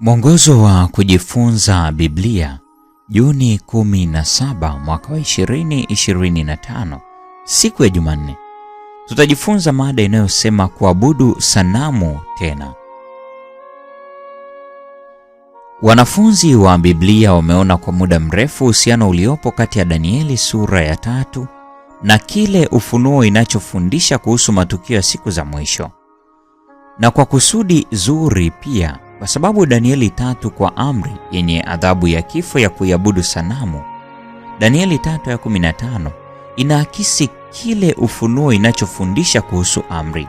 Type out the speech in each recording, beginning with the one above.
Mwongozo wa kujifunza Biblia, Juni 17 mwaka wa 2025, siku ya Jumanne. Tutajifunza mada inayosema kuabudu sanamu tena. Wanafunzi wa Biblia wameona kwa muda mrefu uhusiano uliopo kati ya Danieli sura ya tatu na kile Ufunuo inachofundisha kuhusu matukio ya siku za mwisho, na kwa kusudi zuri pia kwa sababu Danieli tatu kwa amri yenye adhabu ya kifo ya kuiabudu sanamu, Danieli tatu ya 15 inaakisi kile Ufunuo inachofundisha kuhusu amri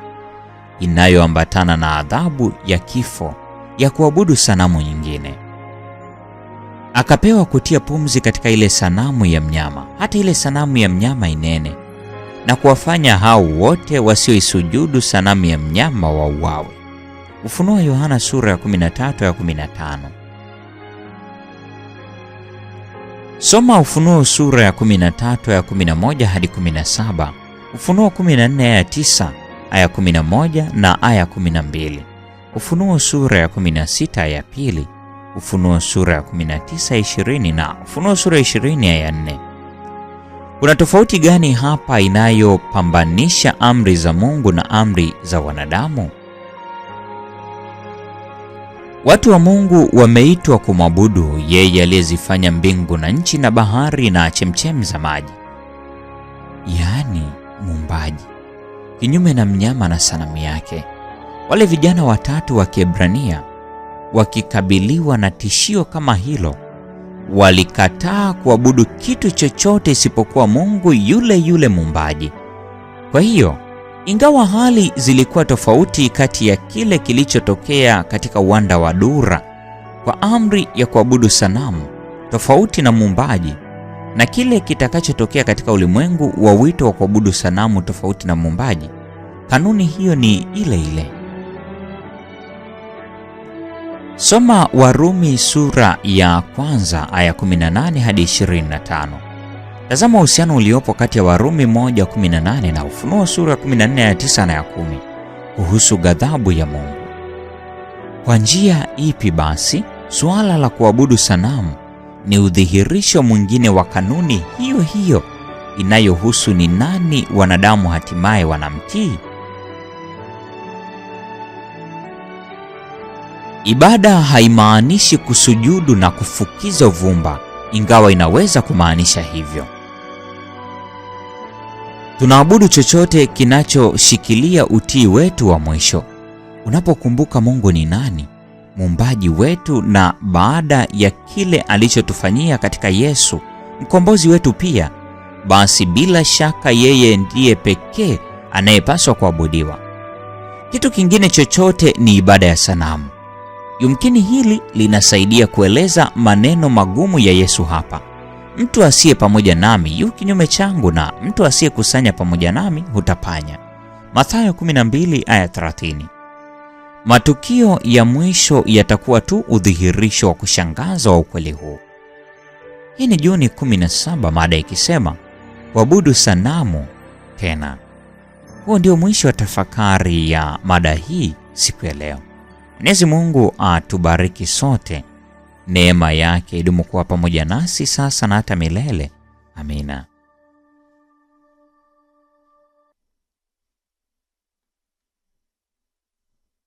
inayoambatana na adhabu ya kifo ya kuabudu sanamu nyingine. Akapewa kutia pumzi katika ile sanamu ya mnyama, hata ile sanamu ya mnyama inene, na kuwafanya hao wote wasioisujudu sanamu ya mnyama wauawe. Ufunuo Yohana sura ya 13 ya 15. Soma Ufunuo sura ya 13 ya 11 hadi 17, Ufunuo 14 ya 9, aya 11 na aya 12, Ufunuo sura ya 16 ya pili, Ufunuo sura ya 19 20 na Ufunuo sura 20 ya 4. Kuna tofauti gani hapa inayopambanisha amri za Mungu na amri za wanadamu? Watu wa Mungu wameitwa kumwabudu yeye aliyezifanya mbingu na nchi na bahari na chemchem za maji, yaani Muumbaji, kinyume na mnyama na sanamu yake. Wale vijana watatu wa Kiebrania wakikabiliwa na tishio kama hilo, walikataa kuabudu kitu chochote isipokuwa Mungu yule yule Muumbaji. Kwa hiyo ingawa hali zilikuwa tofauti kati ya kile kilichotokea katika uwanda wa Dura kwa amri ya kuabudu sanamu tofauti na muumbaji na kile kitakachotokea katika ulimwengu wa wito wa kuabudu sanamu tofauti na muumbaji, kanuni hiyo ni ile ile. Soma Warumi sura ya kwanza aya 18 hadi 25. Tazama uhusiano uliopo kati ya Warumi 1:18 na Ufunuo sura 14 ya 9 na ya 10 kuhusu ghadhabu ya Mungu. Kwa njia ipi basi suala la kuabudu sanamu ni udhihirisho mwingine wa kanuni hiyo hiyo inayohusu ni nani wanadamu hatimaye wanamtii? Ibada haimaanishi kusujudu na kufukiza uvumba ingawa inaweza kumaanisha hivyo. Tunaabudu chochote kinachoshikilia utii wetu wa mwisho. Unapokumbuka Mungu ni nani, muumbaji wetu, na baada ya kile alichotufanyia katika Yesu, mkombozi wetu pia, basi bila shaka yeye ndiye pekee anayepaswa kuabudiwa. Kitu kingine chochote ni ibada ya sanamu. Yumkini hili linasaidia kueleza maneno magumu ya Yesu hapa: mtu asiye pamoja nami yu kinyume changu, na mtu asiyekusanya pamoja nami hutapanya. Mathayo 12 aya 30. Matukio ya mwisho yatakuwa tu udhihirisho wa kushangaza wa ukweli huu. Hii ni Juni 17, mada ikisema kuabudu sanamu tena. Huo ndio mwisho wa tafakari ya mada hii siku ya leo. Mwenyezi Mungu atubariki sote, neema yake idumu kuwa pamoja nasi sasa na hata milele. Amina.